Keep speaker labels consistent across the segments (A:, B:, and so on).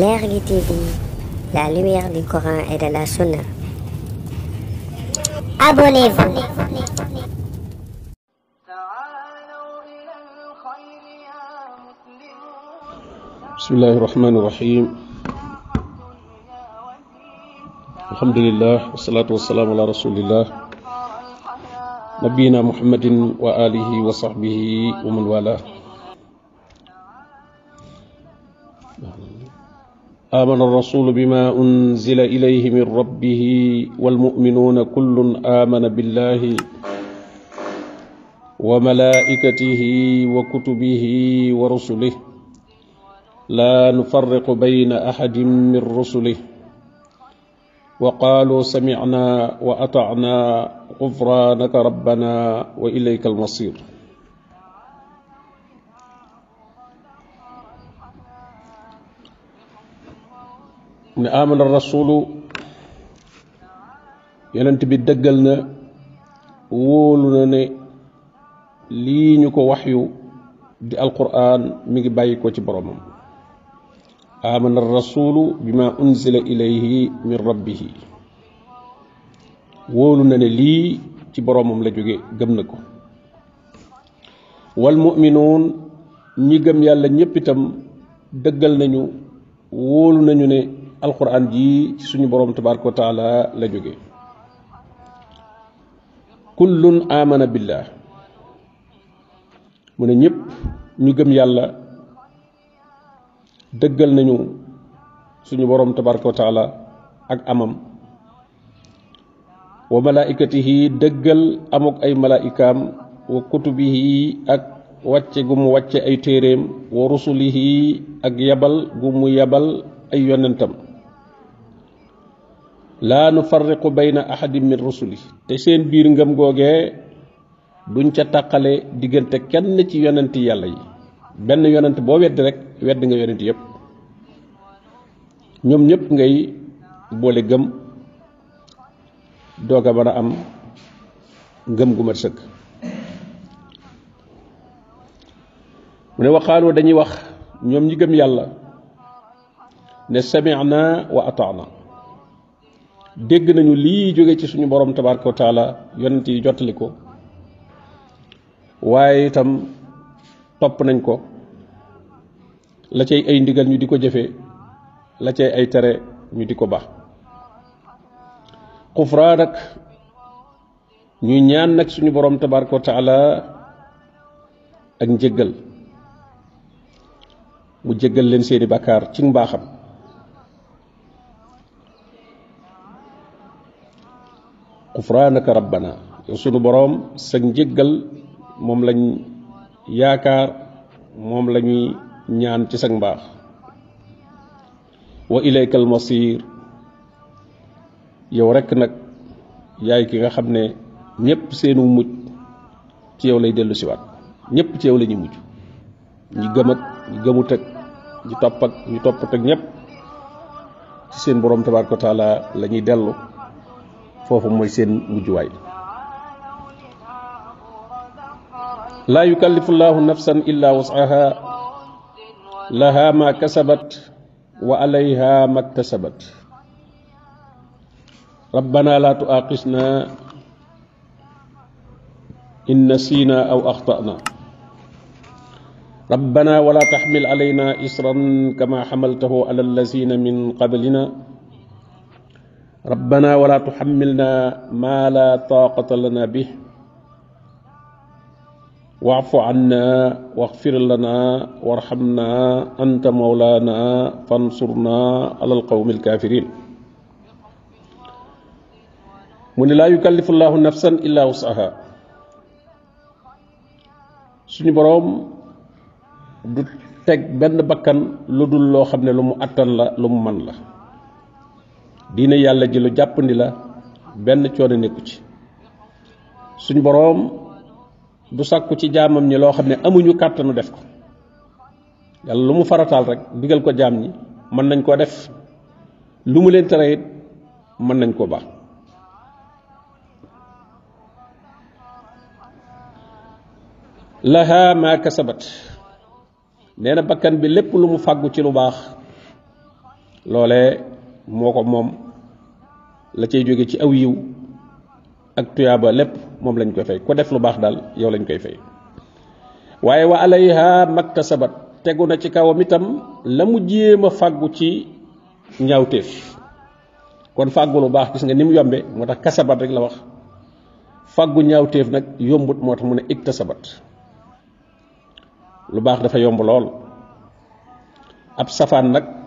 A: L'Airly TV, la lumière du Coran et de la Sunna. Abonnez-vous. بسم الله الرحمن الرحيم الحمد لله والصلاة والسلام على رسول الله نبينا محمد وآله وصحبه ومن والاه آمن الرسول بما أنزل إليه من ربه والمؤمنون كل آمن بالله وملائكته وكتبه ورسله لا نفرق بين أحد من رسله وقالوا سمعنا وأطعنا غفرانك ربنا وإليك المصير ne amana rasulu yonent bi deggal na wóolu na ne lii ñu ko waxyu di alquran mi ngi bàyyi ko ci boromam amana rasulu bima unzila ilayhi min rabbihi wóolu na ne lii ci boromam la jóge gëm na ko walmuminun ñi gëm yàlla ñëpp itam dëggal nañu wóolu nañu ne alquran ji ci suñu borom tabaraka wa la jóge kullun amana billah mu ne ñëpp ñu gëm yàlla dëggal nañu suñu boroom tabaraka wa taala ak amam wa malaikatihi dëggal amuk ay malaikaam wa kutubihi ak wàcce gu mu wàcce ay téeréem wa rusulihi ak yabal gu mu yabal ay yonentam laa nu farriqu na ahadin min rusuli te seen biir ngëm googee duñ ca tàqale diggante kenn ci yonent yàlla yi benn yonent boo weddi rek wedd nga yonent yëpp ñoom ñëpp ngay boole gëm doog a mën a am ngëm gu mat sëkk mu ne waxaanoo dañuy wax ñoom ñi gëm yàlla ne sami'na wa ata'na dégg nañu lii jóge ci suñu borom tabaraka wa taala yonent yi jottali ko waaye itam topp nañ ko la cay ay ndigal ñu di ko jëfe la cay ay tere ñu di ko baax xufraa nag ñuy ñaan nag suñu boroom tabaraka wa ak njëggal mu jéggal leen seeni bàkkaar ci mbaaxam kufranaka rabbana sunu borom sak njëggal mom lañ yaakar mom lañuy ñaan ci sak mbax wa ilayka masir yow rek nak yaay ki nga xamne ñepp seenu mujj ci yow lay ci wat ñepp ci yow la mujj ñi gëm ak ñi gëmut ak ñi ñi ak ñepp ci seen borom tabaraka taala lañuy delu فوفو موي سين موجواي لا يكلف الله نفسا الا وسعها لها ما كسبت وعليها ما اكتسبت ربنا لا تؤاخذنا ان نسينا او اخطانا ربنا ولا تحمل علينا اسرا كما حملته على الذين من قبلنا ربنا ولا تحملنا ما لا طاقة لنا به واعف عنا واغفر لنا وارحمنا أنت مولانا فانصرنا على القوم الكافرين من لا يكلف الله نفسا إلا وسعها سني بروم du تك بن bakkan لودول لو loo xam ne lu mu attan la diine yàlla ji lu jàppandi la benn coono nekku ci suñ boroom du sàkku ci jaamam ñi loo xam ne amuñu kàttanu def ko yàlla lu mu farataal rek digal ko jaam ñi mën nañ koo def lu mu leen tere it mën nañ ko baax laha ma kasabat nee na bakkan bi lépp lu mu fàggu ci lu baax loolee moo ko moom la cay jóge ci aw yiw ak tuyaaba lépp moom lañ ko fay ko def lu baax daal yow lañ koy fay waaye wa alayha maktasabat tegu na ci kawam itam la mu jéem a fàggu ci ñaawteef kon fàggu lu baax bis nga ni mu yombe moo tax kasabat rek la wax fàggu ñaawteef nag yombut moo tax mu ne iktasabat lu baax dafa yomb lool ab safaan nag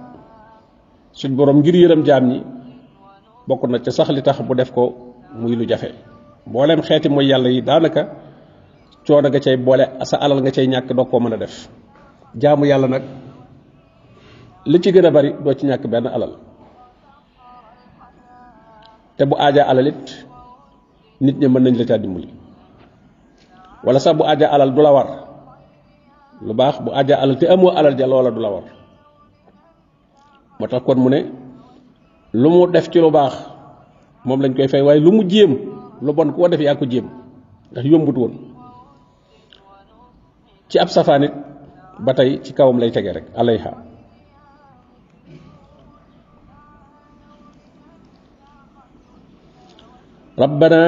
A: su borom ngir yërëm jaam ñi bokk na ca sax li tax bu def ko muy lu jafe mbooleem xeeti mooy yàlla yi daanaka coono nga cay boole sa alal nga cay ñàkk doo koo mën a def jaamu yàlla nag li ci gën a bari doo ci ñàkk benn alal te bu aaja alal nit ñi mën nañ la caa dimbali wala sax bu aaja alal du la war lu baax bu aaja alal te amoo alal ja loola du la war moo tax kon mu ne lu mu def ci lu baax moom lañ koy fay waaye lu mu jéem lu bon ko def yaa ko jéem ndax yombut woon ci ab safaanit ba tey ci kawam lay tege rek alayha ربنا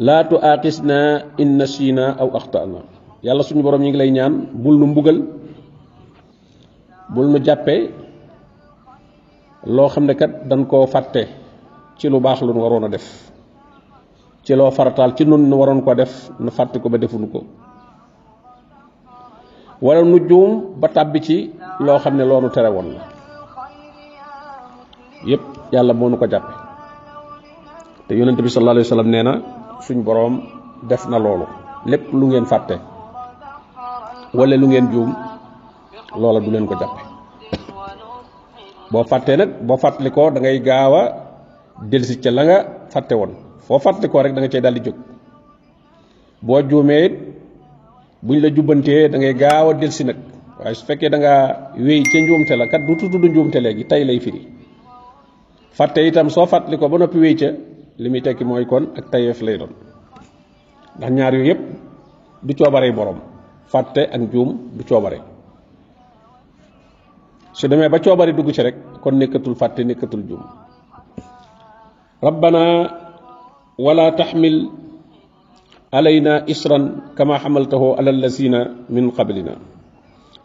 A: لا تؤاخذنا ان نسينا او اخطانا يالا سونو بروم نيغي لاي ñaan bul nu mbugal bul nu jappé lo xamné kat dañ ko faté ci lu bax lu warona def ci lo faratal ci nun nu ko def nu faté ko ba defun ko wala nu joom ba tabbi ci lo xamné lolu téré won yépp nu ko jappé te yonente bi sallallahu alayhi wasallam nee suñ borom def na lolu lepp lu ngeen faté wala lu ngeen joom loola du leen ko jàppe boo fàttee nag boo fàttalikoo da ngay gaaw a dellusi ca la nga fàtte woon foo fàttalikoo rek da nga cay daal di jóg boo juumee it buñ la jubbantee da ngay gaaw a dellusi nag waaye su fekkee da ngaa wéy ca njuumte la kat du tudd njuumte léegi tey lay firi fàtte itam soo fàttalikoo ba noppi wéy ca li muy tekki mooy kon ak tayeef lay doon ndax ñaar yooyu yëpp du coobaree borom fàtte ak njuum du coobare su demee ba coobari dugg ci rek kon nekkatul fàtte nekkatul jum rabbana wala taxmil alayna isran kama xamaltahu ala lazina min qablina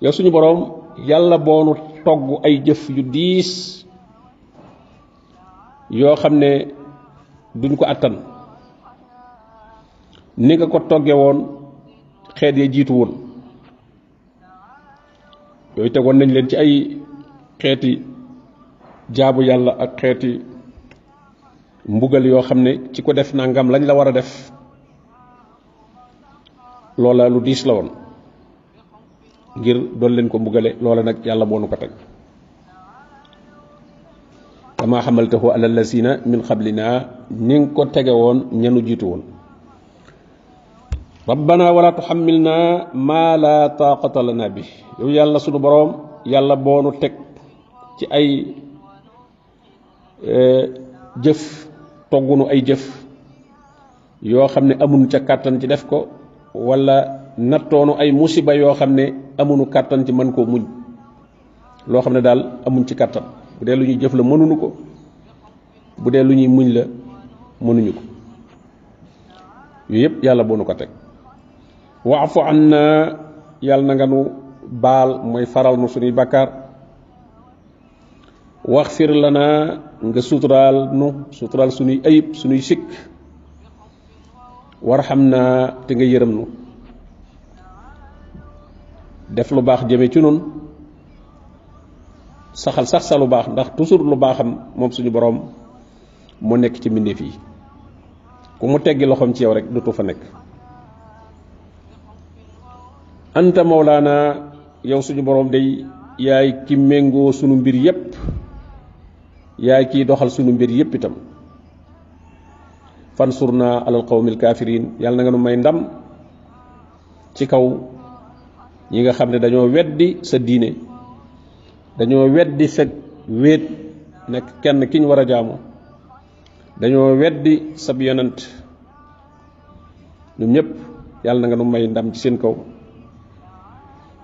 A: yow suñu boroom yàlla boonu togg ay jëf yu diis yoo xam ne duñ ko attan ni nga ko togge woon xeet ya jiitu woon yooyu tegoon nañ leen ci ay xeeti jaabu yàlla ak xeeti mbugal yoo xam ne ci ko def nangam lañ la war a def loola lu diis la woon ngir doon leen ko mbugale loola nag yàlla moo nu ko teg kama xamaltahu ala lasina min qablina ni nga ko tege woon ñenu jiitu woon rabbana wala tuhammilna ma la taqata lana bi yow yàlla sunu borom yàlla boonu teg ci ay eh, jëf toggunu ay jëf yoo xam ne amun ca kàttan ci def ko wala nattoonu ay musiba yoo xam amunu katan ci mën koo muñ loo xam ne daal amuñ ci kàttan bu dee lu ñuy jëf la mënuñu ko bu dee muñ la mënuñu ko yooyu yëpp bonu ko teg waafu anna yal na nga nu baal moy faral nu suñuy bakkaar lana nga sutural nu sutural suni ayib suñuy sik. Warhamna te nga yeeram nu def lu bax jeme ci nun saxal sax sa lu bax ndax toujours lu baxam mom suñu borom mo nek ci minde fi ku teggi loxom ci yow rek dutu fa nek anta maulana yow suñu borom day yaay ki mengo suñu mbir yépp yaay ki doxal suñu mbir yépp itam fansurna alal qawmil kafirin yalla nga nu may ndam ci kaw ñi nga xamne dañoo weddi sa diine dañoo weddi sa wet nek kenn kiñ wara jaamu dañoo weddi sab yonent ñep yalla nga nu may ndam ci seen kaw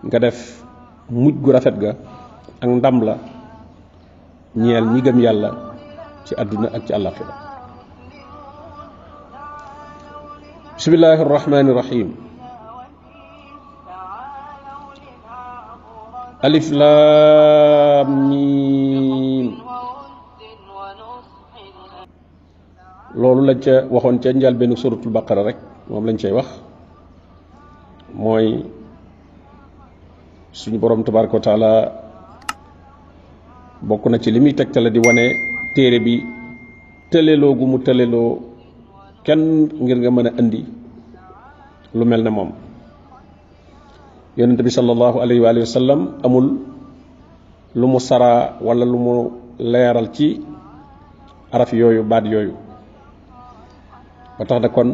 A: nga def mujj gu rafet ga ak ndam la ñeel ñi gëm yàlla ci àdduna ak ci àllaxira bismillahi rahmani rahim alif lam mim loolu lañ ca waxoon ca njëlbeenu suratul baqara rek moom lañ cay wax mooy suñu borom tabaraka wa bokk na ci li muy tegtale di wane téere bi tëleloo gu mu tëleloo kenn ngir nga mën a indi lu mel ne moom yonent bi sallallahu alayhi wa sallam amul lu mu saraa walla lu mu leeral ci araf yooyu baat yooyu ba tax na kon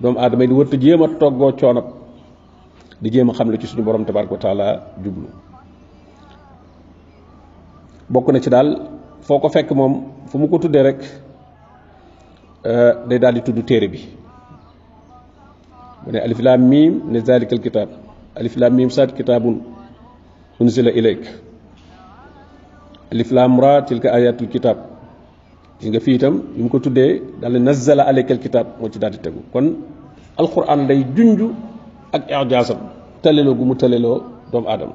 A: doomu aadama yi di wërtu jéem a toggoo coonab di jéem a xam la ci suñu borom tabaraka wa taala jublu bokk na ci daal foo ko fekk moom fu mu ko tuddee rek day daal di tudd téere bi mu ne alif laam miim ne zalika al kitaab alif laam miim saat kitaabun unzila ilayk alif laam ra tilka ayatul kitaab gis nga fii itam yu mu ko tuddee daal di nazzala alayka al kitaab moo ci daal di tegu kon alquran day junju ak ijaasam tëleloo gu mu tëleloo doomu aadama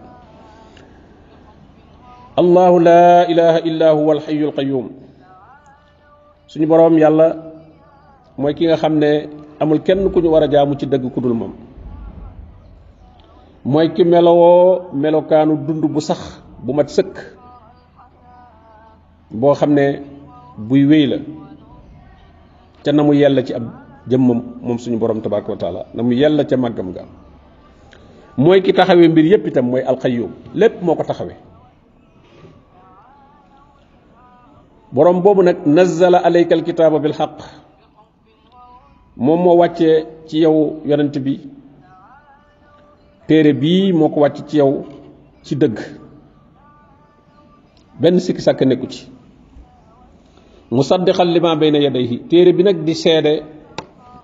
A: allahu laa ilaha illa huwa alxayu alqayum suñu boroom yàlla mooy ki nga xam ne amul kenn ku ñu war a jaamu ci dëgg ku dul moom mooy ki melowoo melokaanu dund bu sax bu mat sëkk boo xam ne buy wéy la ca na mu yell ci ab jëmmam moom suñu borom tabaraka wa taala na mu yàlla ca màggam ga mooy ki taxawee mbir yépp itam mooy alxayyum lépp moo ko taxawee borom boobu nag nazzala alayka alkitaaba bil xaq moom moo wàccee ci yow yonent bi téere bii moo ko wàcc ci yow ci dëgg benn sikki sàkk nekku ci musaddiqan lima bayna yadayhi téere bi nag di seede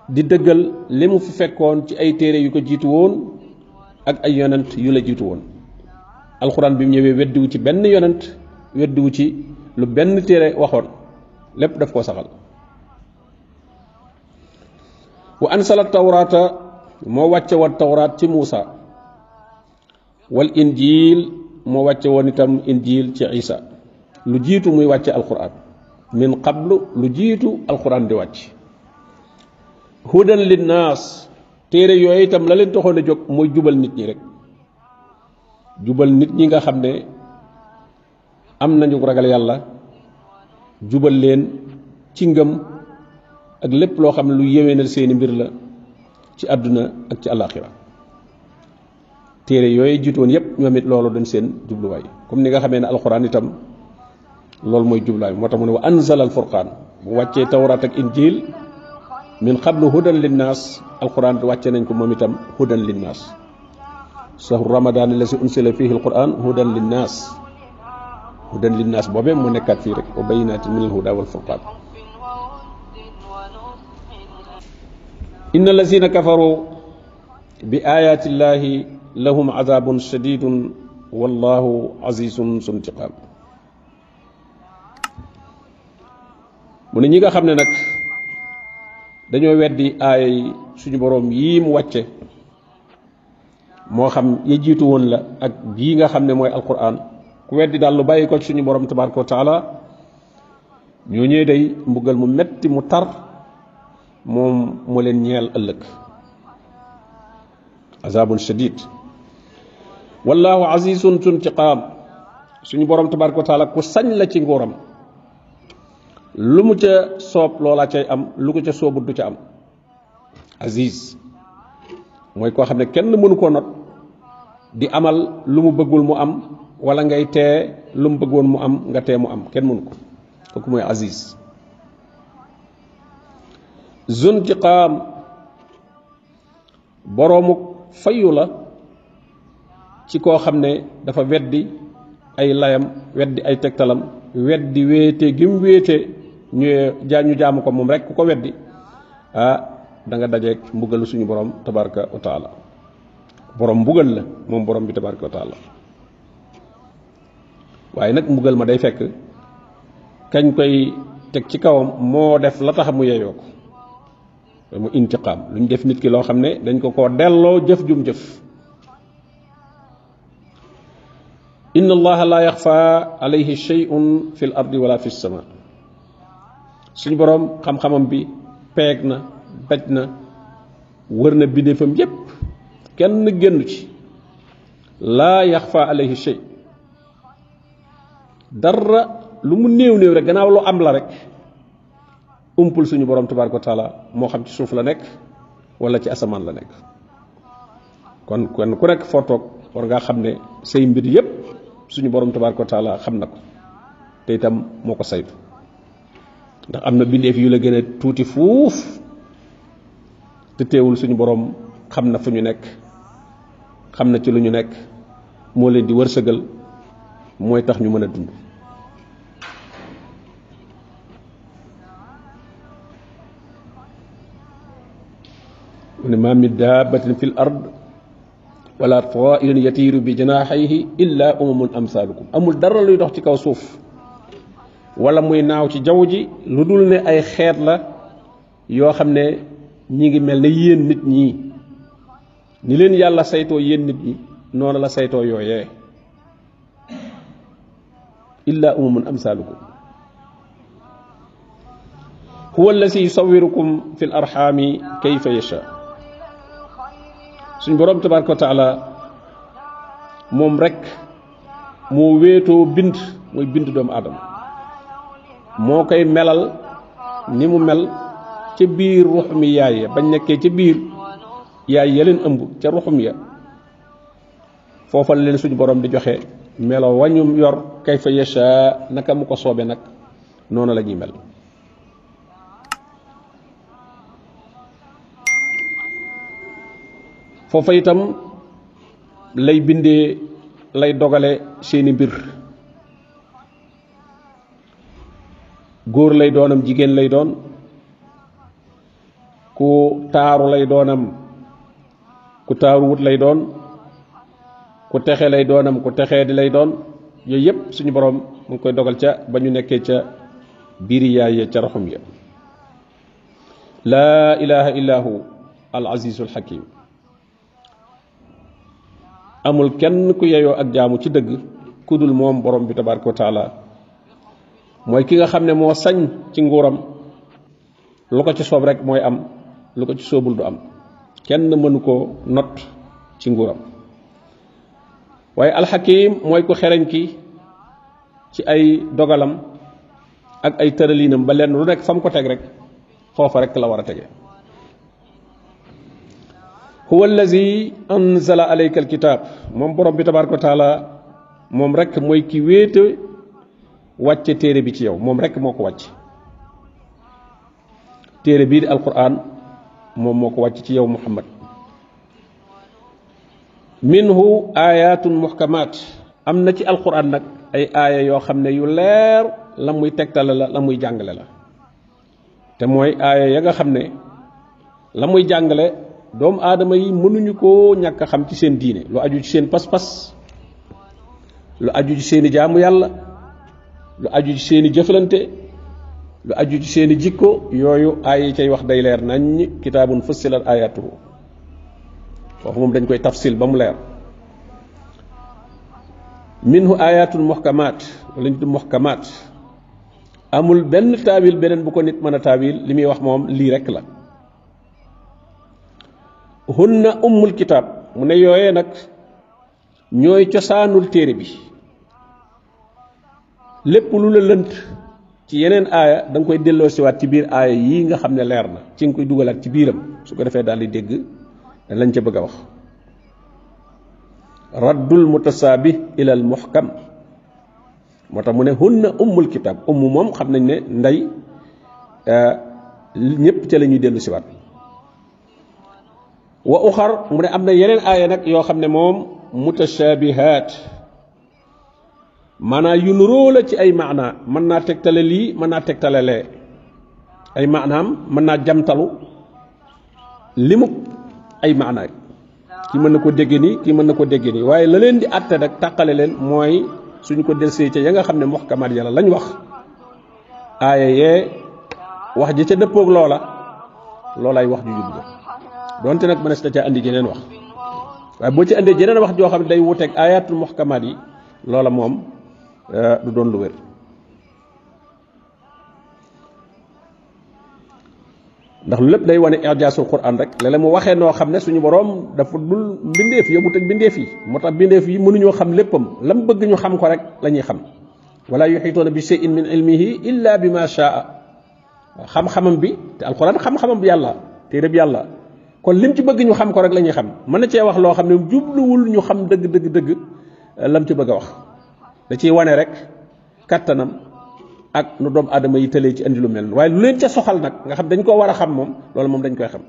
A: di dëggal li mu fi fekkoon ci ay téere yu ko jiitu woon ak ay yonent yu la jiitu woon alxuraan bi mu ñëwee weddiwu ci benn yonent weddiwu ci lu benn téere waxoon lépp daf koo saxal wa ansala tawraata moo wàcce woon tawraat ci muusa wal injiil moo wàcce woon itam injiil ci isa lu jiitu muy wàcce alxuraan min qablu lu jiitu alxuraan di wàcc hudan linnaas téere yooyu itam la leen toxoon a jóg mooy jubal nit ñi rek jubal nit ñi nga xam ne am nañu ragal yàlla jubal leen ci ngëm ak lépp loo xam ne lu yeweenal seeni mbir la ci àdduna ak ci àllaaxira téere yooyu jiitoon yépp ñoom it loolu dañ seen jubluwaay comme ni nga xamee ne alxuraan itam loolu mooy jubluwaay moo tax mu ne wa anzala alfurqaan bu wàccee tawraat ak injiil من قبل هدى للناس القرآن واتنا إنكم ممتم هدى للناس شهر رمضان الذي أنسل فيه القرآن هدى للناس هدى للناس بابين من كثير وبينات من الهدى والفرقان إن الذين كفروا بآيات الله لهم عذاب شديد والله عزيز ذو انتقام من نيغا خامني dañoo weddi ay suñu borom yii mu wàcce moo xam ya jiitu woon la ak bii nga xam ne mooy alquran ku weddi daal lu bàyyi ko suñu borom tabaraka wa taala ñoo ñee day mbugal mu metti mu tar moom moo leen ñeel ëllëg azabun shadid wallahu azizun tuntiqam suñu borom tabaraka wa taala ku sañ la ci nguuram lu mu ca soob loola cay am lu ko ca soobut du ca am aziz mooy koo xam ne kenn mënu koo not di amal lu mu bëggul mu am wala ngay tee lu mu bëggoon mu am nga tee mu am kenn mënu ko kooku mooy aziz zuntiqaam boroomuk fayu la ci koo xam ne dafa weddi ay layam weddi ay tegtalam weddi wéete gim wéete ñu jaañu jaamu ko moom rek ku weddi ah da nga dajeeg mbugalu suñu borom tabaraka wa taala borom mbugal la moom borom bi tabaraka wa taala waaye nag mbugal ma day fekk kañ koy teg ci kawam moo def la tax mu yeyoo mu intiqam luñ def nit ki loo xam dañ ko jëf jum jëf inna allaha la yaxfa alayhi shay'un fil ardi wala fi as suñu boroom xam-xamam bi peeg na daj na wër na bindéefam yépp kenn génn ci laa yaxfa alayhi shay dara lu mu néew néew rek gannaaw lu am la rek umpul suñu borom tabaaraka wa taala moo xam ci suuf la nekk wala ci asamaan la nekk kon kon ku nekk foo toog war ngaa xam ne say mbir yépp suñu boroom tabaaraka wa taala xam na ko te itam moo ko saytu ndax amna bindef yu la gëna a tuuti fuuf te teewul suñu borom xam na fu ñu nekk xam na ci lu ñu nekk moo leen di wërsëgal mooy tax ñu mën a dund mu ne ma min daabatin fi l ard wala tairin yatiiru bi janaaxayhi illa umamun amsaalukum amul dara luy wala muy naaw ci jaww ji lu dul ne ay xeet la yoo xam ne ñi ngi mel ne yéen nit ñi ni leen yàlla saytoo yéen nit ñi noonu la saytoo yooyee illa umumun amsalukum huwa allazi yusawwirukum fi l arxaami kayfa yasha suñ borom tabaraka taala mom rek mo weto bind moy bind doomu adam moo koy melal ni mu mel ca biir ruux yaay ya bañ nekkee ca biir yaay ya leen ëmb ca ruxum ya foofa leen suñu borom di joxe melo wañum yor kay fa yasha naka mu ko soobe nag noonu la ñuy mel foofa itam lay bindee lay dogale seeni mbir góor lay doonam jigéen lay doon ku taaru lay doonam ku taaruwut lay doon ku texe lay doonam ku texe di lay doon yooyu yëpp suñu boroom mu ngi koy dogal ca ba ñu nekkee ca biiri yaay ya ca raxum ya laa ilaha illa hu al azizul hakim amul kenn ku yeyoo ak jaamu ci dëgg ku dul moom borom bi tabaraka wa taala moy ki nga xamne mo sañ ci nguram lu ko ci soob rek moy am lu ko ci soobul du am kenn mënu ko not ci waye al hakim moy ko xereñ ki ci ay dogalam ak ay teralinam ba len lu nekk fam ko tek rek foofa rek la wara tege huwa allazi anzala alayka alkitab moom borom bi tabaraka wa taala moom rek ki wacce téré bi ci yow mom rek moko wacc téré bi di alquran mom moko wacc ci yow muhammad minhu ayatun muhkamat amna ci alquran nak ay aya yo xamne yu leer lamuy tektal la lamuy jangale la te moy aya ya nga xamne lamuy jangale dom adama yi munuñu ko xam ci seen diine lu aju ci seen pas-pas lu aju ci seen jaamu yalla lu aju ci seeni jëflante lu aju ci seeni jikko yooyu ay yi cay wax day leer nañ kitabun fussilat ayatuhu foofu moom dañ koy tafsil ba mu leer minhu ayatun muhkamat lañ tud muhkamat amul benn taawil beneen bu ko nit mën a taawil li muy wax moom lii rek la hunna ummul kitab mu ne yooyee nag ñooy cosaanul téere bi lépp lu la lënt ci yeneen aaya da koy delloo siwaat ci biir aaya yii nga xam ne leer na ci nga koy dugalaat ci biiram su ko defee daal di dégg lañ ca bëgg a wax raddul mutasaabih ilal muhkam moo tax mu ne hunna ummul kitab ummu moom xam nañ ne ndey eh, ñépp ca la ñuy dellu siwaat wa uxar mu ne am na yeneen aaya nag yoo xam ne moom mutashabihaat mana yu nuro la ci ay mana man na tektale li man na tektale le ay man na jamtalu limuk ay makna ki man na ko dégg nii ki man na ko dégg nii waaye la len di àtte nag takale len moy suñ ko delsee ci ya nga xam ne muxkamaat yàlla ya lañ wax aya ye wax ji ci deppok lola lolay wax ju jub donte nak man na ci andi jenen wax waye bo ci andee jenen wax jo day yi lola mom du doon lu wér ndax lépp day wane ijaasul quran rek lele mu waxee noo xam ne suñu borom dafa dul mbindeef yobut ak mbindeef yi moo tax mbindeef yi mënuñoo xam léppam lam bëgg ñu xam ko rek la ñuy xam wala yuxituuna bi shayin min ilmihi illa bima shaa xam-xamam bi te alquran xam-xamam bi yàlla téereb yàlla kon lim ci bëgg ñu xam ko rek la ñuy xam mën na cee wax loo xam ne jubluwul ñu xam dëgg dëgg dëgg lam ci bëgg a wax da ciy wane rek kattanam ak nu doomu aadama yi tëlee ci andi lu mel noonu waaye lu leen ca soxal nag nga xam dañ ko war a xam moom loolu moom dañ koy xam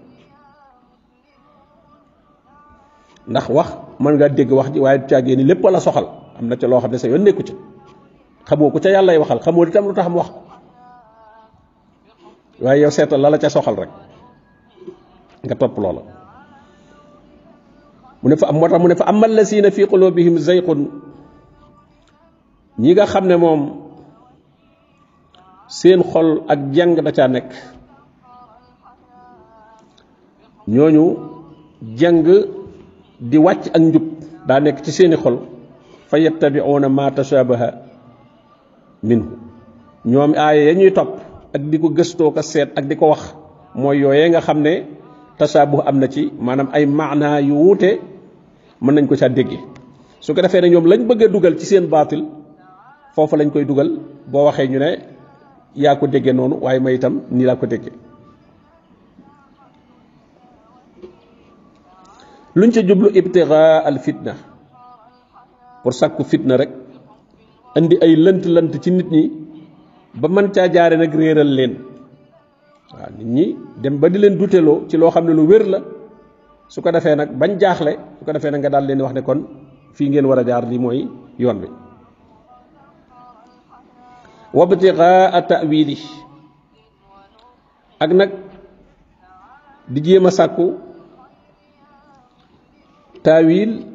A: ndax wax mën ngaa dégg wax ji waaye caagee ni lépp la soxal am na ca loo xam ne sa yoon nekku ca xamoo ko ca yàllay waxal xamoo itam lu tax mu wax waaye yow seetal la la ca soxal rek nga topp loola mu ne fa am moo tax mu ne fa amal la siina fi qulubihim zayqun ñi nga xam ne moom seen xol ak jàng da caa nekk ñooñu jàng di wàcc ak njub daa nekk ci seeni xol fa yattabi'una ma tashabaha minhu ñoom aaya ya ñuy topp ak di ko gëstoo ko seet ak di ko wax mooy yooyee nga xam ne tasaabuh am na ci maanaam ay maanaa yu wuute mën nañ ko caa dégge su ko defee ne ñoom lañ bëgg dugal ci seen baatil foofu lañ koy dugal boo waxee ñu ne yaa ko déggee noonu waaye may itam ni laa ko déggee luñ ca jublu ibtigaa al fitna pour sàkku fitna rek andi ay lënt lënt ci nit ñi ba mën caa jaaree nag réeral leen waaw nit ñi dem ba di leen duteloo ci loo xam ne lu wér la su ko defee nag bañ jaaxle su ko defee nag nga daal leen wax ne kon fii ngeen war a jaar li mooy yoon wi wabtigaa ta'wili ak nak di jema sakku tawil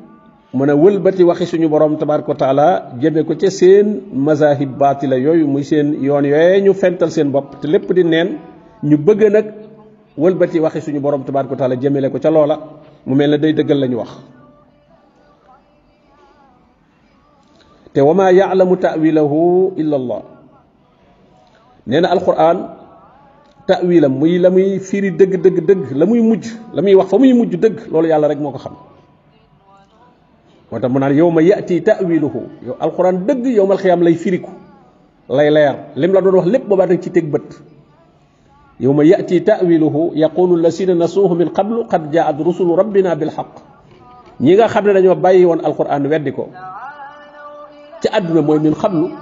A: taawil wulbati waxi suñu borom tabaraka taala jëme ko ci seen mazahib batila yoy muy seen yoon yoy ñu fental seen bop te lepp di neen ñu bëgg nak wulbati waxi suñu borom tabaraka taala jemele ko ci loola mu mel day deggal lañu wax te wama ya'lamu ta'wilahu illa allah nee na alquran tawilam muy la muy firi dëgg dëgg dëgg la muy mujj la muy wax fa muy mujj dëgg loolu yàlla rek moo ko xam moo tax mu naan yow ma yati tawiluhu yow alquran dëgg yow mal xiyaam lay firiku lay leer lim la doon wax lépp boobaa dag ci teg bët yow ma yati tawiluhu yaqulu lasina nasuuhu min qablu qad jaat rusulu rabbina bilxaq ñi nga xam ne dañoo bàyyi woon alquran weddi ko ci àdduna mooy min qablu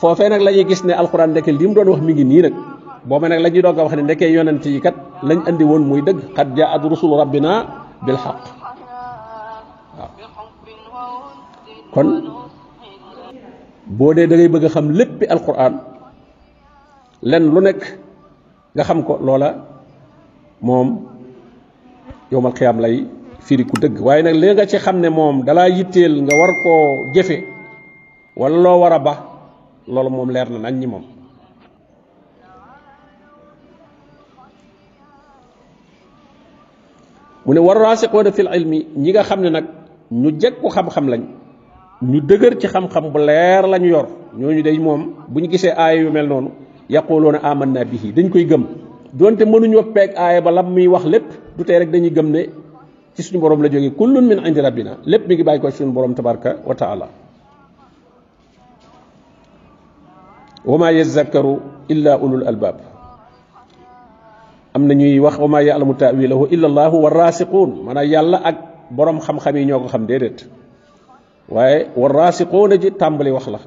A: foofee nag la ñuy gis ne alxuraan ndeke li mu doon wax mu ngi nii nag booba nag la ñuy doog a wax ne ndeke yonent yi kat lañ indi woon muy dëgg xat jaa at rusul rabbina bil xaq kon boo dee dangay bëgg a xam lépp alxuraan lenn lu nekk nga xam ko loola moom yow yowmal xiyaam lay firi ku dëgg waaye nag li nga ci xam ne moom dalaa yitteel nga war koo jëfe walla loo war a ba loolu moom leer na nañ ñi moom mu ne war raasiqoona fil ilmi ñi nga xam ne nag ñu jekku xam-xam lañ ñu dëgër ci xam-xam bu leer lañu yor ñooñu day moom bu ñu gisee aaya yu mel noonu yaquluuna amanna bihi dañ koy gëm donte mënuñu peeg aaya ba lam muy wax lépp du tey rek dañuy gëm ne ci suñu borom la jógee kullun min indi rabbina lépp mi ngi bàyyi ko ci suñu borom tabaraka wa taala وما يذكر إلا أولو الألباب أمنا نيوي وخ وما يعلم تأويله إلا الله والراسقون مانا يالا أك برم خم خمي نيوغ خم ديدت واي والراسقون جي تامبلي وخلا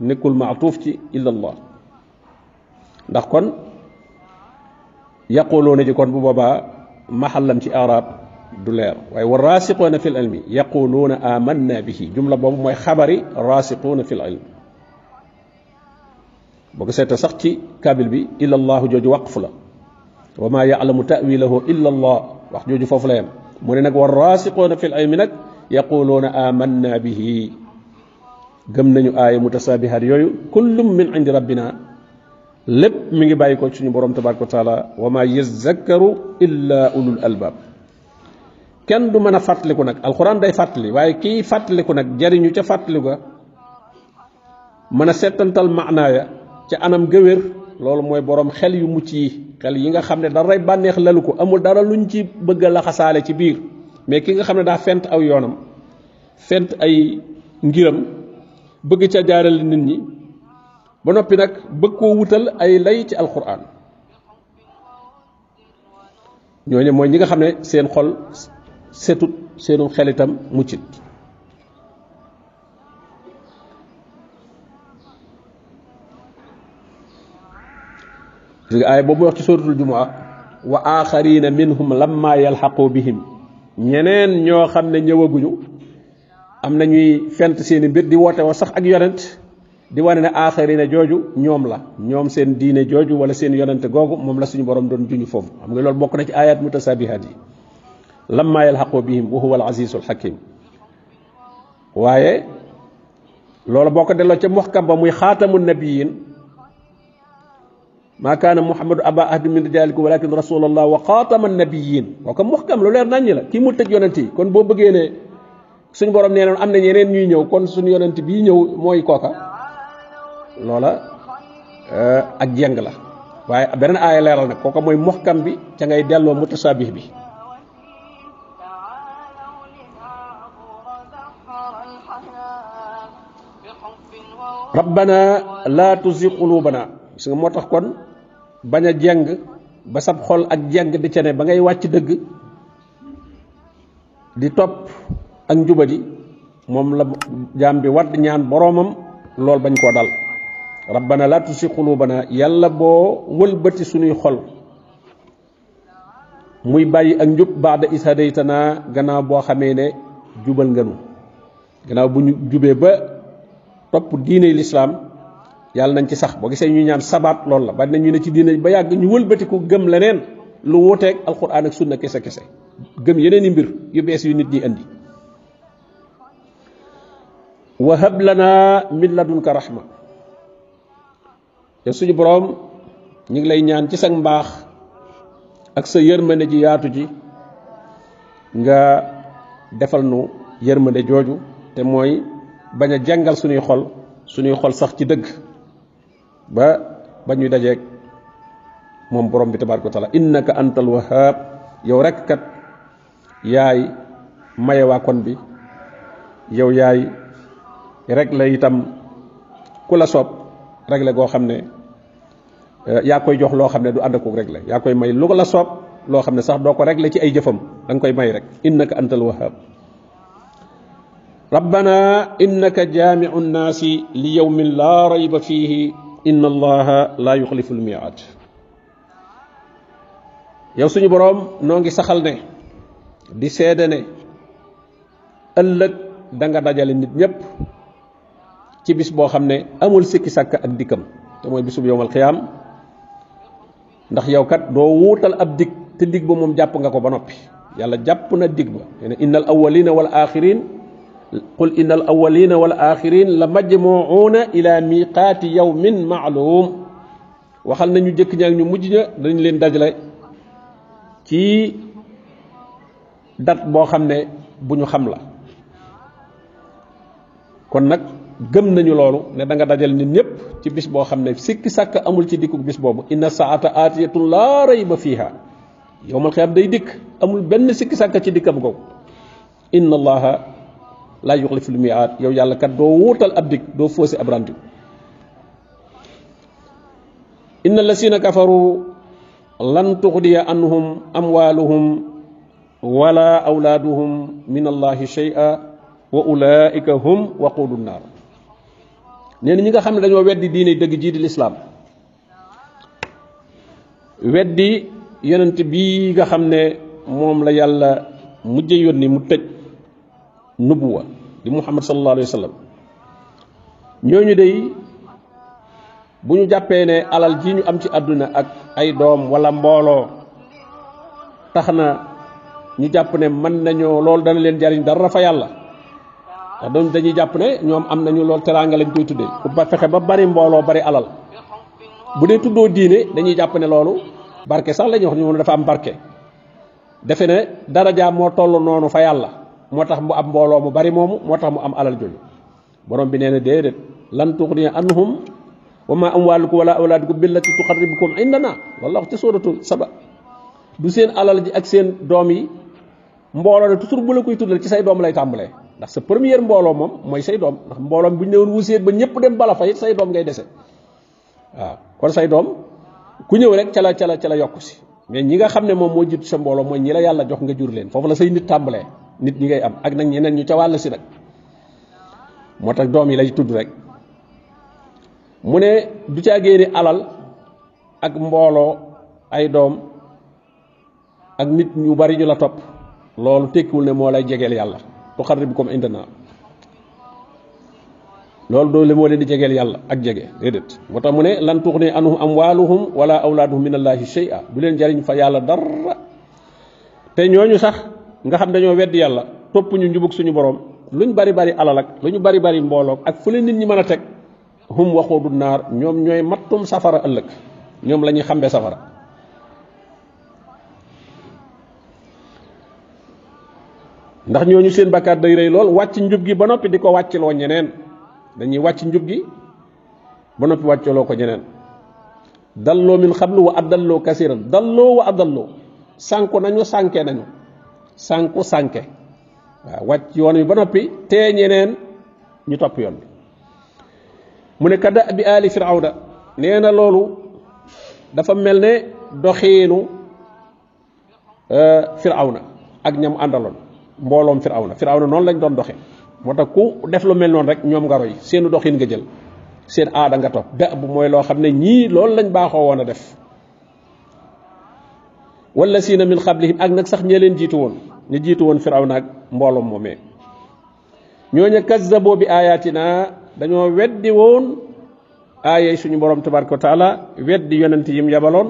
A: نكل معطوف جي إلا الله نخون يقولون جي كون بابا محلا جي آراب دولير واي والراسقون في العلم يقولون آمنا به جملة بابا خبري راسقون في العلم boo ko seetee sax ci kaabil bi illa allahu jooju waqf la wa maa yaalamu tawilahu illa allah wax jooju foofu la yem mu ne nag war raasiqoona fi l ilmi nag yaquluuna amanna bihi gëm nañu aaya mutasaabihaat yooyu kullum min indi rabbina lépp mi ngi bàyyi ko suñu borom tabaraka wa taala wa maa yazakkaru illa ulul albaab kenn du mën a fàttaliku nag alquran day fàttali waaye kii fàttaliku nag jariñu ca fàttaliku ga mën a settantal maanaa ya ca anam gëwér loolu mooy boroom xel yu mucc yi xel yi nga xam ne daray bànneex lalu ko amul dara lu ñu ci bëgg laxasaale ci biir mais ki nga xam ne daa fent aw yoonam fent ay ngiram bëgg ca jaarale nit ñi ba noppi nag bëgg koo wutal ay lay ci alxuraan ñooñu mooy ñi nga xam ne seen xol setut seenum xel itam muccit gis nga aaya boobu wax ci suratul jumaa wa axarina minhum lamma yalxaqu bihim ñeneen ñoo xam ne ñëwaguñu am na ñuy fent seeni mbir di woote wa sax ak yonent di wane ne axarina jooju ñoom la ñoom seen diine jooju wala seen yonent googu moom la suñu boroom doon juñu foofu xam nga loolu bokk na ci ayat mutasabihat yi lamma yalxaqu bihim wa huwa al azizul hakim waaye loolu boo ko delloo ca muxkam ba muy xaatamu nabiyin Maka kana muhammad aba ahad min rijalikum walakin rasulullah wa khatama nabiyyin ko kam wax kam lu leer nañ la ki mu tej yonenti kon bo bëggee ne suñ borom neena am na ñeneen ñuy ñëw kon suñ yonenti bi ñëw mooy kooka loola eh, ak jeng la waaye beneen aaya leeral nag kooka mooy muhkam bi ca ngay delloo mutasabih bi ربنا لا تزغ قلوبنا gis motax kon baña jeng ba sab xol ak jeng di ca ne ba ngay wacc deug di top ak njubadi mom la jam bi wad ñaan boromam lol bañ ko dal rabbana la tusi qulubana yalla bo wul suñuy xol muy bayyi ak njub baada isadaytana gana bo xame ne jubal ngeenu gana bu jubé ba top diiné l'islam Yal nañ ci sax bo gisee ñu ñaan sabat lool la ba na ñu ne ci diine ba yàgg ñu wëlbatiku gëm leneen lu wuteeg alquran ak sunna kese kese gëm yeneen i mbir yu bees yu nit ñi andi wa hab lana min ladunka rahma ya suñu borom ñi ngi lay ñaan ci sax mbaax ak sa ji yaatu ji nga defal nu yërmande jooju te mooy bañ a jàngal suñuy xol suñuy xol sax ci dëgg ba bañu dajé mom borom bi tabaraku taala innaka antal wahab yow rek kat yaay maye wa kon bi yow yaay rek la itam kula sop rek la go xam ya koy jox lo xam du ànd rek la ya koy may lu la sop lo xam sax doko rek la ci ay jëfëm dang koy may rek innaka antal wahab ربنا إنك جامع الناس ليوم لا ريب فيه inna allaha laa yuxlifu lmiaad yow suñu boroom noo ngi saxal ne di seede ëllëg da dajale nit ñépp ci bis boo xam ne amul sikki sàkk ak dikkam te mooy bisub yowmal xiyaam ndax yow kat doo wuutal ab dig te dig ba moom jàpp nga ko ba noppi yàlla jàpp na dig ba nee innal awalina wal axirin قل إن الأولين والآخرين لمجموعون إلى ميقات يوم معلوم وخال نانيو جيك نياك نيو مجي دنج لين داجلا تي دات بو خامني بونو خاملا كون نك گم نانيو لولو نه داغا داجال نين نيب تي بيس بو خامني سيكي ساك امول تي ديكو بيس بوبو ان الساعه اتيه لا ريب فيها يوم القيامه داي ديك امول بن سيكي ساك تي ديكام كو ان الله لا يخلف الميعاد يو يالا كات دو ووتال اب ديك دو فوسي اب راندي ان الذين كفروا لن تغني عنهم اموالهم ولا اولادهم من الله شيئا واولئك هم وقود النار نين نيغا خامل دانيو ويدي ديني دغ جيد الاسلام ويدي يوننتي بيغا خامل موم لا يالا مودي يوني مو تيج nubuwa di muhammad sallallahu alayhi Wasallam. sallam ñooñu day bu ñu jàppee ne alal ji ñu am ci àdduna ak ay doom wala mbooloo tax na ñu jàpp ne mën nañoo lool dana leen jariñ dara fa yàlla ndax doom dañuy jàpp ne ñoom am nañu lool teranga lañ koy tuddee ba fexe ba bari mbooloo bari alal bu dee tuddoo diine dañuy jàpp ne loolu barke sax la wax ñu dafa am barke defe ne daraja moo toll noonu fa yàlla motax mu am mbolo mu bari momu motax mu am alal jooju borom bi neena dedet lan tuqni anhum wa ma amwalukum wala auladukum billati tuqarribukum indana wallahu ta suratu saba du sen alal ji ak sen dom yi mbolo de tutur bula koy tudal ci say dom lay tambale ndax sa premier mbolo mom moy say dom ndax mbooloom buñ ñu wuseet ba ñepp dem bala fay say dom ngay dese wa kon say dom ku ñew rek cala cala cala la yokku mais ñi nga xamne mom mo jitt sa mbolo moy ñi la yalla jox nga jur leen fofu la say nit tambale nit ñi ngay am ak nak ñeneen ñu ca wàll si nag moo tax doom yi lay tudd rek mu du alal ak mbooloo ay doom ak nit ñu bari ñu la topp loolu tekkiwul ne moo lay jegeel yàlla indana loolu do le moo leen di jegeel yàlla ak jege déedéet moo tax mu ne lan tuxni anhum amwaaluhum wala awlaaduhum min allahi shay'a du leen jariñ fa yàlla dara te ñooñu sax nga xam dañoo wedd yàlla topp ñu njubuk suñu borom luñ bari bari alal ak luñ bari bari mbooloog ak fu leen nit ñi mën a teg hum waxoodu naar ñoom ñooy mattum safara ëllëg ñoom la ñuy xambe safara ndax ñooñu seen bakkaar day rëy lool wàcc njub gi ba noppi di ko wàcciloo ñeneen dañuy wàcc njub gi ba noppi wàcciloo ko ñeneen dalloo min xablu wa addalloo kasiran dalloo wa addalloo sànko nañu sànkee nañu sanku sanke ah, waaw wàcc yoon bi ba noppi tee ñeneen ñu topp yoon bi mu ne kada bi ali firawda nee na loolu dafa mel ne doxiinu ah, firawna ak ñam àndaloon mbooloom firawna firawna noonu lañ doon doxe moo ku def lu mel noonu rek ñoom nga roy seenu doxin nga jël seen aada nga topp da bu mooy loo xam ne ñii lañ baaxoo woon def والذين من قبلهم اك نك صاح نيلن جيتو وون ني جيتو وون فرعون اك مبولم مومي ньо ญ ا كذبوا باياتنا دانيو ويدي وون ايي سوني بوروم تبارك وتعالى ويدي يوننتييم يابالون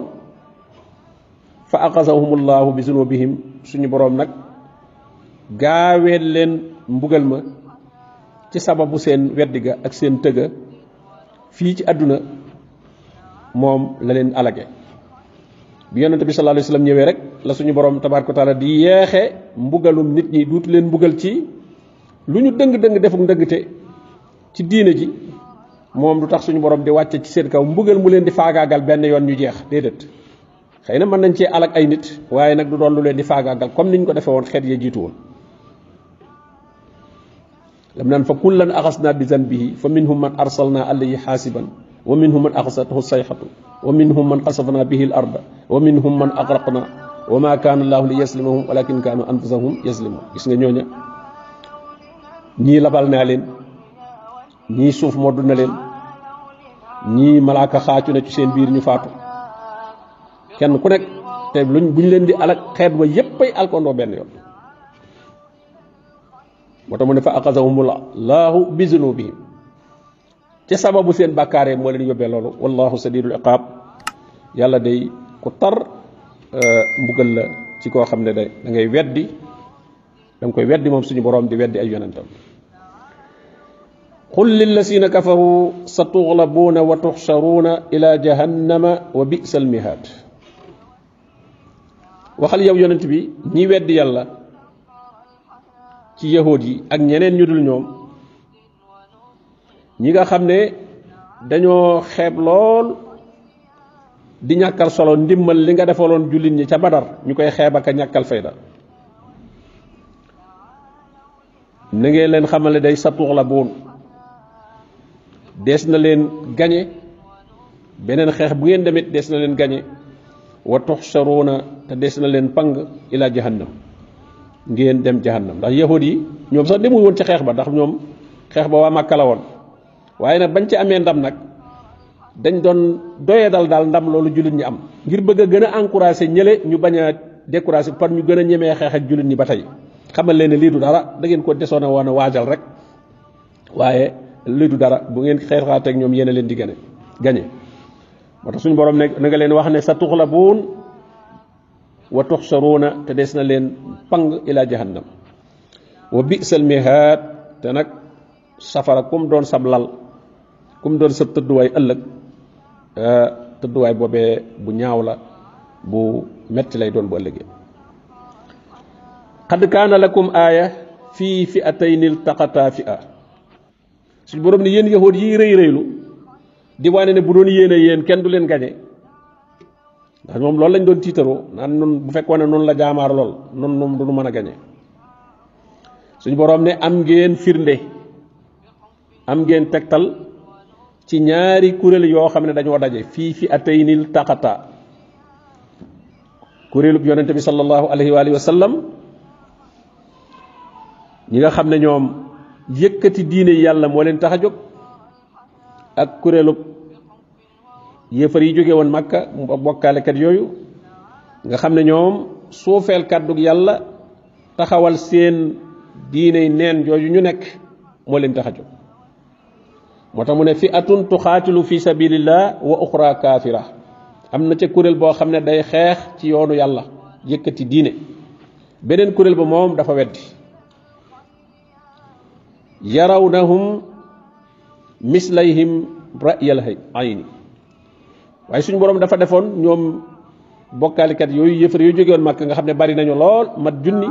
A: فاقذهم الله بذنوبهم سوني بوروم نك غاويل لين مبوغل ما تي سبب سين ويديغا اك سين تيغا في ادونا موم لا لين الاغي bi yonent bi sallallahu alayhi wasallam ñëwee rek la suñu borom tabaaraka taala di yeexe mbugalum nit ñi duutu leen mbugal ci lu ñu dëng-dëng defuk ndëngte ci diine ji moom du tax suñu borom di wàcce ci seen kaw mbugal mu leen di faagaagal benn yoon ñu jeex déedéet xëy na mën nañ cee alak ay nit waaye nag du doon lu leen di faagaagal comme ñu ko defee woon xeet ya jiitu woon lam naan fa kullan axas naa bi zanbihi fa minhum man arsalna alayhi xaasiban ومنهم من أخذته الصيحة ومنهم من قصفنا به الأرض ومنهم من أغرقنا وما كان الله ليسلمهم ولكن كانوا أنفسهم يسلمون يسنى نيونيا ني لبال نالين ني سوف مرد نالين ني ملاك خاتو نتو سين بير نفاتو كان كونك تيب لن بلين دي على خيب ويبقى الكون وبين يوم وتمنى فأقذهم الله بذنوبهم ci sababu sen bakare mo len yobbe lolu wallahu sadidul iqab yalla day ku tar euh mbugal la ci ko xamne day da ngay weddi dang koy weddi mom suñu borom di weddi ay yonentam qul lil ladina kafaru satughlabuna wa tuhsharuna ila jahannama wa bi'sal mihad waxal yow yonent bi ñi weddi yalla ci yahudi ak ñeneen ñi nga xam ne dañoo xeeb lool di ñàkkal solo ndimmal li nga defaloon jullit ñi ca badar ñu koy xeeb ak a ñàkkal fayda na ngeen leen xamale day satuux la boon des na leen gañe beneen xeex bu ngeen demit des na leen gañe wa tuxsaruuna te des na leen pang ila jahannam ngeen dem jahannam ndax yahud yi sax demul woon ci xeex ba ndax ñoom xeex ba waa la waaye nag bañ ci amee ndam nag dañ doon doyee dal daal ndam loolu julit ñi am ngir bëgg a gën a encouragé ñële ñu bañ a découragé par ñu gën a ñemee xeex ak julit ñi ba tey xamal leen ne lii du dara da ngeen ko desoon a woon rek waaye lii du dara bu ngeen xeexaat ak ñoom yéen leen di gane gagné moo tax suñu borom ne na nga leen wax ne sa tuxlabuun wa tuxsaruuna te des na leen pang ila jahannam wa bisal mihaat te nag safara kum doon sablal. kum doon sab tëdduwaay ëllëg eh, tëdduwaay boobee bu ñaaw la bu metti lay doon bu ëllëgee xad kaana lakum aaya fii fi atayni iltaqataa fi a suñ borom ni yéen yahood yi rëy rëylu di waane ne bu doon yéene yéen kenn du leen gañe ndax moom loolu lañ doon tiitaroo naan nun bu fekkoon ne noonu la jaamaar lool noonu moom du nu mën a gañe suñ borom ne am ngeen firnde am ngeen tegtal ci ñaari kuréel yoo xam ne dañoo daje fii fi ataynil taqata kuréelub yonente bi sallallahu alayhi wa alihi wa sallam ñi nga xam ne ñoom yëkkati diine yàlla moo leen tax a jóg ak kuréelub yéefar yi jóge woon màkka bokkaalekat yooyu nga xam ne ñoom suufeel kàddug yàlla taxawal seen diine neen jooju ñu nekk moo leen tax a jóg moo mu ne fi atun fi sabilillah wa ukhra kaafira amna ci kurel bo xamne day xex ci yoonu yalla yekati diine benen kurel bo mom dafa weddi yarawnahum mislayhim ra'yal ayni way suñu borom dafa defoon ñoom bokkaalikat yooyu yëfar yooyu jógewoon màkk nga xamne bari nañu lol mat junni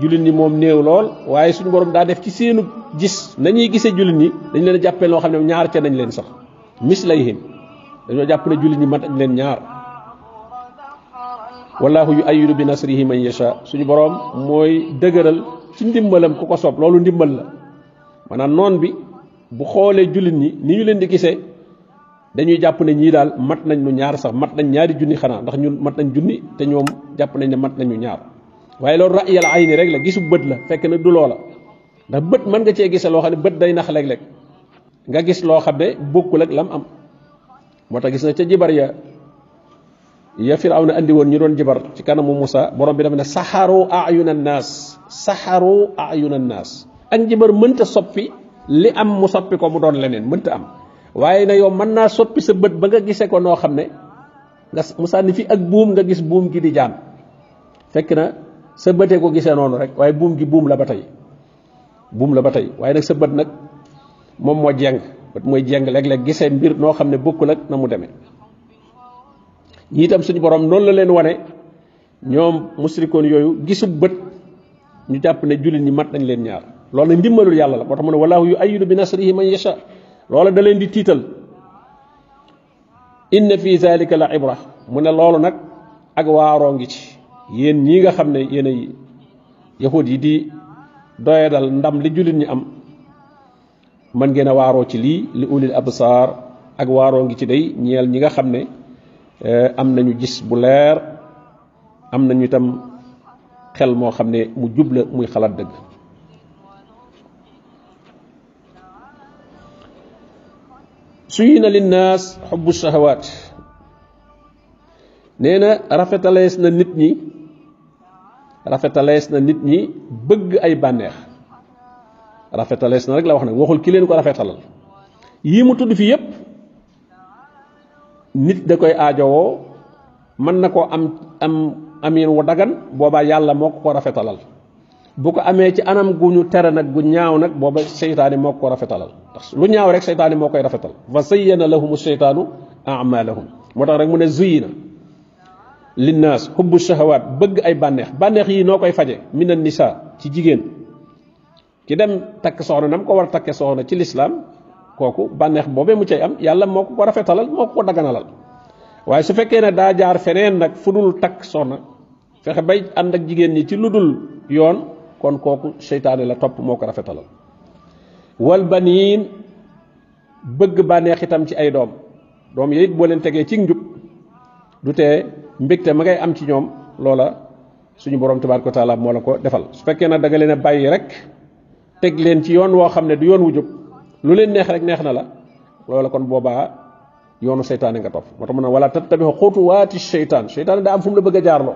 A: julit ni moom néew lool waaye suñu borom daa def ci seenu gis nañuy gisee julit ni, dañ leen jàppee loo xam ne ñaar ca nañ leen sax mislayhim dañu jàpp ne julit ñi leen ñaar wallahu yu ayidu bi nasrihi man yasha suñu borom mooy dëgëral ci ndimbalam ku ko soob loolu ndimbal la maanaam noon bi bu xoolee julit ni ni ñu leen di gisee dañuy jàpp ne ñii daal mat nañ nu ñaar sax mat nañ ñaari junni xanaa ndax ñun mat nañ junni te ñoom jàpp nañ ne mat nañu ñaar waaye loolu al ayni rek la gisu bët la fekk na du loola ndax bët man nga cee gise loo xam ne bët day nax léeg-léeg nga gis loo xam ne bokkul ak lam am moo tax gis na ca jibar ya ya firaw na andi woon ñu doon jibar ci kanamu Musa. borom bi dafa ne saxaru ayuna naas saxaru ayuna naas ak jibar mënta soppi li am mu soppi ko mu doon leneen mënta am waaye na yow mën naa soppi sa bët ba nga gisee ko noo xam ne nga ni fi ak buum nga gis buum gi di jaan fekk na sa bëtee ko gisee noonu rek waaye buum gi buum la ba tey buum la ba tey waaye nag sa bët nag moom moo jeng bët mooy jeng léeg-léeg gisee mbir noo xam ne bokkul ak na mu demee ñi itam suñu borom noonu la leen wane ñoom musrikoon yooyu gisu bët ñu jàpp ne jullit ñi mat nañ leen ñaar loolu na ndimbalul yàlla la moo tax mu ne wallahu yu ayidu bi nasrihi man yasha loola da leen di tiital inna fi zalika la ibra mu ne loolu nag ak waaroo ngi ci yéen ñi nga xam ne yéen ay yi di doye ndam li jullit ñi am man ngeen a waaroo ci lii li ulil absaar ak waaroo ngi ci dey ñeel ñi nga xam ne eh, am nañu gis bu leer am nañu itam xel moo xam ne mu jubla muy xalaat dëgg suyina linnaas xubbu shahawaat neena rafetales na nit ñi rafetales na nit ñi bëgg ay banex rafetales na rek la wax nak waxul ki leen ko rafetalal yi mu tudd fi yépp nit da koy aajowoo man na ko am am amin wu dagan booba yàlla moo ko ko rafetalal bu ko amee ci anam gu ñu tere nag gu ñaaw nag booba seytaani moo ko ko rafetalal ndax lu ñaaw rek seytaani moo koy rafetal fa sayyana lahum seytaanu amalahum moo tax rek mu ne zuyina linnaas xubbu shahawaat bëgg ay bànneex bànneex yi noo koy faje minan nisa ci jigéen ki dem takk soxna nam ko war a takke soxna ci lislaam kooku bànneex boobee mu cay am yàlla moo ko ko rafetalal moo ko ko daganalal waaye su fekkee ne daa jaar feneen nag fu dul takk soxna fexe bay ànd ak jigéen ñi ci lu dul yoon kon kooku seytaane la topp moo ko rafetalal wal baniin bëgg bànneex itam ci ay doom doom yooyu it boo leen tegee ci njub duté mbékté ma ngay am ci ñom loola suñu borom tabaaraka taala mo la ko defal su fekké na da nga leen bàyyi rek tegg leen ci yoon wo xamné du yoon wu jub lu leen neex rek neex na la loola kon boba yoonu seytaane nga top motam na wala tattabiu khutuwati shaytan shaytan da am fu mu bëgg jaarlo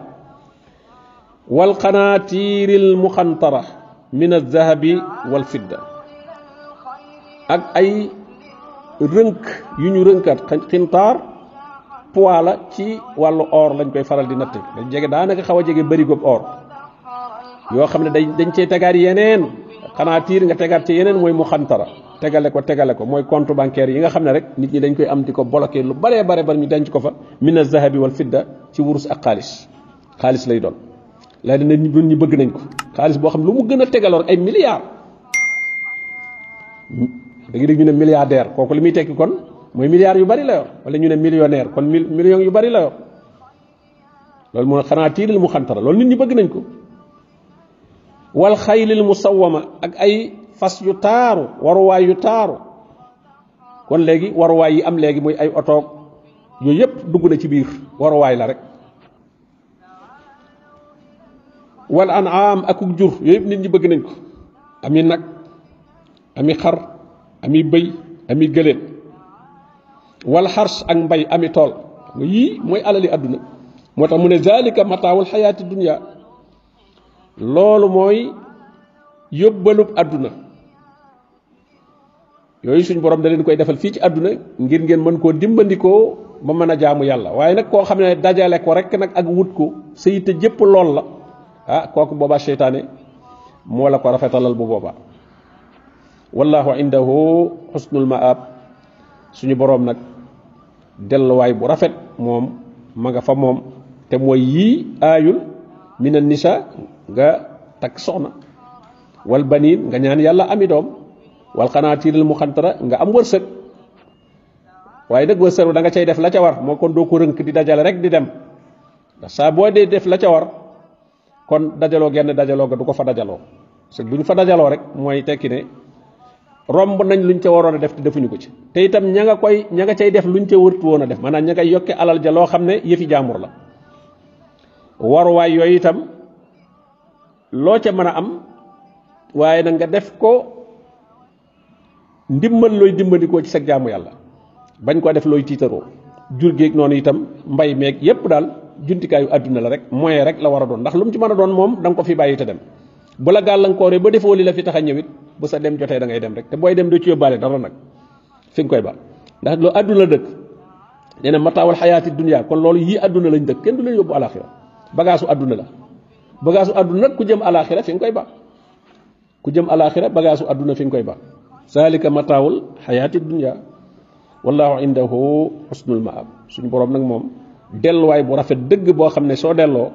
A: wal qanatiril mukhantara min min aldahabi wal fidda ak ay rënk yu ñu rënkaat xintaar poids la ci wàllu or lañ koy faral di natt dañ jege daanaka xaw a jege bërigo or yoo xam ne dañ dañ cee tegaat yeneen xanaa tiir nga tegaat ci yeneen mooy mu xantara tegale ko tegale ko mooy compte bancaire yi nga xam ne rek nit ñi dañ koy am di ko bloqué lu baree bare bari ñu denc ko fa mina zahabi wal fidda ci wurus ak xaalis xaalis lay doon lay dina ñu bëgg nañ ko xaalis boo xam ne lu gën a tegaloon ay milliards da ñu ne milliardaire kooku li muy tekki kon mooy milliards yu bari la yor wala ñu ne millionnaire kon mil millions yu bari la yor loolu mu ne xanaa mu xantara loolu nit ñi bëgg nañ ko wal xaylil musawama ak ay fas yu taaru waruwaay yu taaru kon léegi waruwaay yi am léegi muy ay otoog yooyu yëpp dugg na ci biir waruwaay la rek wal anam akuk jur yooyu nit ñi bëgg nañ ko ami nag ami xar ami bëy ami gëléet wal hars ak mbay ami tol yi moy alali aduna. moo mune zalika mataawul xayaati dunia lolou moy yobbalup aduna yoy suñ borom da leen koy defal fi ci aduna ngir ngeen man ko dimbandiko ba meuna jaamu yalla waye nak ko xamne dajale ko rek nak ak wut ko sa jep lol la ah koku boba sheytane mo la ko rafetalal bu boba wallahu indahu husnul maab suñu borom nak delluwaay bu rafet moom ma nga fa moom te mooy yii aayul minan nisa ga takk soxna wal banin nga ñaan yàlla ami doom wal xanaatiiril muxantara nga am wërsëg waaye nag wërsëg da nga cay def la ca war moo kon doo ko rënk di dajale rek di dem ndax boo dee def la ca war kon dajaloo genn dajaloo ga du ko fa dajaloo parce que bu fa dajaloo rek mooy tekki romb nañ luñ ca waroon a def te defuñu ko ci te itam ña nga koy ña nga cay def luñ ca wërtu woon a def maanaam ña ngay yokke alal ja loo xam ne yëfi jaambur la waruwaay yooyu itam loo ca mën a am waaye nag nga def ko ndimbal looy dimbandikoo ci sa jaamu yàlla bañ koo def looy tiitaroo jur géeg noonu itam mbay meeg yépp daal juntikaayu àdduna la rek moyen rek la war a doon ndax lu mu ci mën a doon moom da ko fi bàyyi te dem bu la galankore ba defo li la fi taxa ñewit bu sa dem jotay da ngay dem rek te boy dem do ci yobale dara nak fi nga ba ndax lo aduna dekk nee matawul mataawal dunya dunia kon lolu yi aduna lañ dekk ken du leen yobbu alaxira bagasu aduna la bagasu aduna ku jëm alaxira fi nga koy ba ku jëm alaxira bagasu aduna fi ba zalika matawul xayaati dunia wallahu indahu husnul maab suñu borom mom del way bu rafet deug bo xamne so delo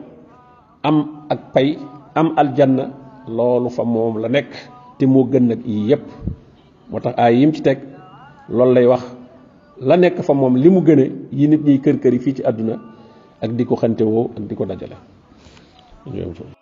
A: am ak pay am aljanna loolu fa moom la nekk te moo gën nag yii yépp moo tax aay yim ci teg loolu lay wax la nekk fa moom li mu gënee yi nit ñiy kër kër yi fii ci àdduna ak di ko xante woo ak di ko dajale